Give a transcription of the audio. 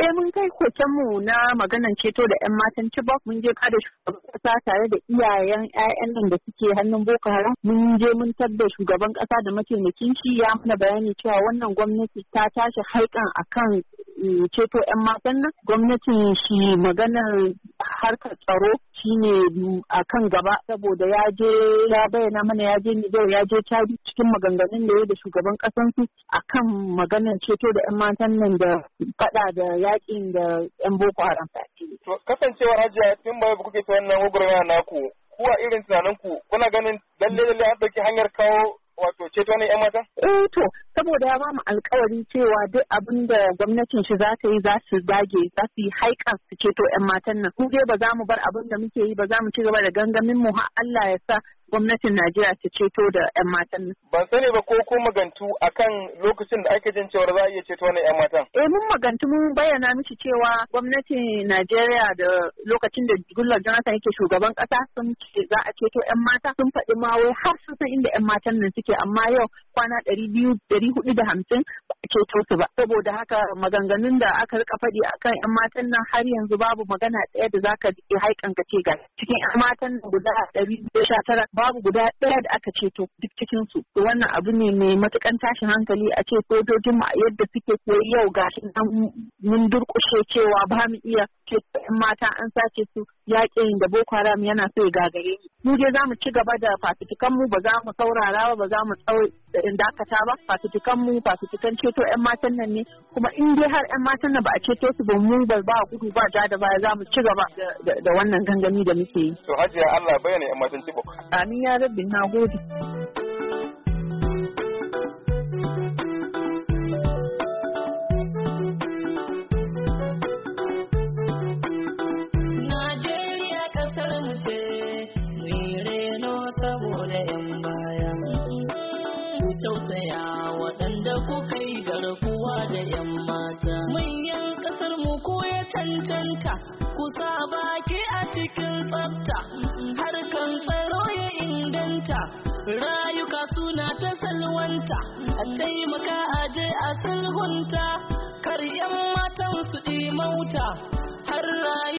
Eh mun kai mu na maganan ceto da 'yan matan Chibok mun je kada shugaban kasa tare da iyayen 'ya'yan nan da suke hannun Boko Haram mun je mun tabbata shugaban kasa da mataimakin shi ya mana bayani cewa wannan gwamnati ta tashi haikan akan Eh, ceto 'yan matan nan gwamnatin shi maganar harkar tsaro shine a kan gaba saboda ya je ya bayyana mana ya je Nijar ya je cadi cikin maganganun da ya da shugaban kasan su kan maganar ceto da 'yan matan nan da fada da yakin da 'yan Boko Haram. Kasancewar Hajiya tun ba kuke ta wannan gwagwarmaya naku kuwa irin tunanin kuna ganin lalle lalle an ɗauki hanyar kawo wato ceto ne yan mata? Eh to saboda ya bamu alkawari cewa duk abin da gwamnatin shi za ta yi za su dage za su yi su ceto yan matan nan. Mu ba za mu bar abin da muke yi ba za mu ci gaba da gangamin mu har Allah ya sa gwamnatin Najeriya ta ceto da 'yan matan nan. Ban sani ba ko ko magantu akan lokacin da ake jin cewa za a iya ceto wannan 'yan matan. Eh mun magantu mun bayyana miki cewa gwamnatin Najeriya da lokacin da Gullar Jonathan yake shugaban kasa sun ce za a ceto 'yan mata sun faɗi ma wai har su san inda 'yan matan nan suke amma yau kwana ɗari biyu ɗari hudu da hamsin ba a ceto su ba. Saboda haka maganganun da aka rika faɗi akan 'yan matan nan har yanzu babu magana ɗaya da za ka haikan ka ce ga cikin 'yan matan guda ɗari da sha tara babu guda ɗaya da aka ceto duk cikin su wannan abu ne mai matukan tashin hankali a ce sojojin mu yadda suke ko yau shi? nan mun durƙushe cewa ba mu iya ce mata an sace su yaƙin da Boko Haram yana so ya gagare ni. mu je za mu ci gaba da fasifikan mu ba za mu saurara ba ba za mu dakata ba fasifikan mu fasifikan ceto yan matan nan ne kuma in dai har yan matan nan ba a ceto su ba mu ba ba gudu ba ja da baya za mu ci gaba da wannan gangami da muke yi. To hajiya Allah bayyana yan matan Chibok. Amin ya rabbi na gode. Ku kai garkuwa da 'yan mata. Manyan ƙasar mu ko ya cancanta, kusa baki a cikin tsafta, harkan tsaro ya inganta, rayuka suna ta salwanta, a taimaka a je a sulhunta, kar 'yan matan su mauta har